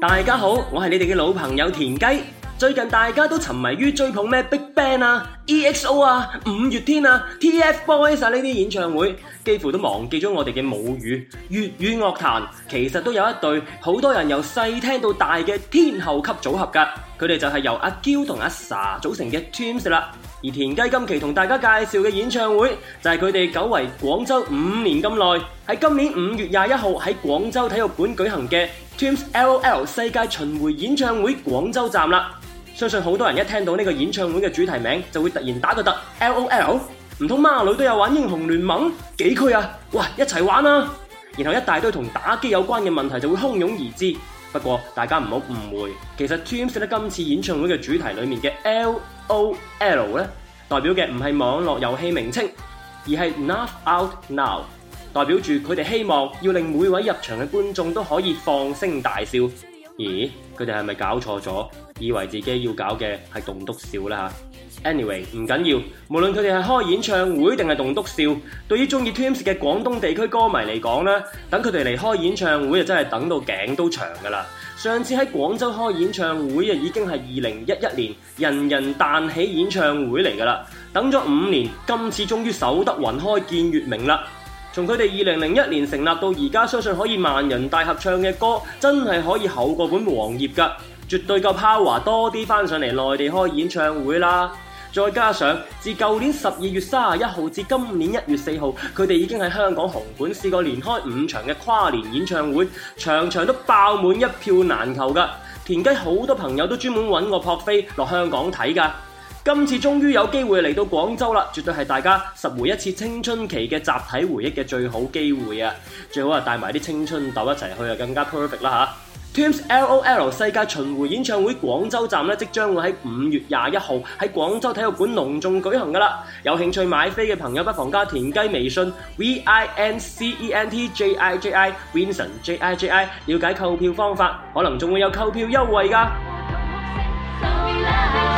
大家好，我係你哋嘅老朋友田雞。最近大家都沉迷於追捧咩 Big Bang 啊、EXO 啊、五月天啊、TF Boys 啊呢啲演唱會，幾乎都忘記咗我哋嘅母語粵語樂壇。其實都有一對好多人由細聽到大嘅天后級組合㗎，佢哋就係由阿嬌同阿 Sa 組成嘅 Twins 啦。而田雞今期同大家介紹嘅演唱會就係佢哋久違廣州五年咁耐，喺今年五月廿一號喺廣州體育館舉行嘅 Twins LOL 世界巡迴演唱會廣州站啦。相信好多人一聽到呢個演唱會嘅主題名，就會突然打個突 LOL，唔通孖女都有玩英雄聯盟？幾區啊？哇！一齊玩啊！然後一大堆同打機有關嘅問題就會洶湧而至。不過，大家唔好誤會，其實 Twins 喺今次演唱會嘅主題裏面嘅 LOL 咧，代表嘅唔係網絡遊戲名稱，而係 Laugh Out Now，代表住佢哋希望要令每位入場嘅觀眾都可以放聲大笑。咦？佢哋係咪搞錯咗？以為自己要搞嘅係棟篤笑呢？嚇。Anyway 唔緊要，無論佢哋係開演唱會定係棟篤笑，對於中意 Twins 嘅廣東地區歌迷嚟講咧，等佢哋嚟開演唱會啊，就真係等到頸都長㗎喇。上次喺廣州開演唱會已經係二零一一年《人人彈起》演唱會嚟㗎喇，等咗五年，今次終於守得雲開見月明啦。從佢哋二零零一年成立到而家，相信可以萬人大合唱嘅歌，真係可以厚過本黃頁噶，絕對夠 power 多啲翻上嚟內地開演唱會啦。再加上自舊年十二月三十一號至今年一月四號，佢哋已經喺香港紅館試過連開五場嘅跨年演唱會，場場都爆滿，一票難求噶。田雞好多朋友都專門搵我撲飛落香港睇噶。今次終於有機會嚟到廣州啦，絕對係大家拾回一次青春期嘅集體回憶嘅最好機會啊！最好啊，帶埋啲青春豆一齊去啊，更加 perfect 啦嚇！Twins L O L 世界巡迴演唱會廣州站咧，即將會喺五月廿一號喺廣州體育館隆重舉行噶啦！有興趣買飛嘅朋友，不妨加田雞微信 v i n c e n t j i j i vincent j i j i 了解購票方法，可能仲會有購票優惠噶～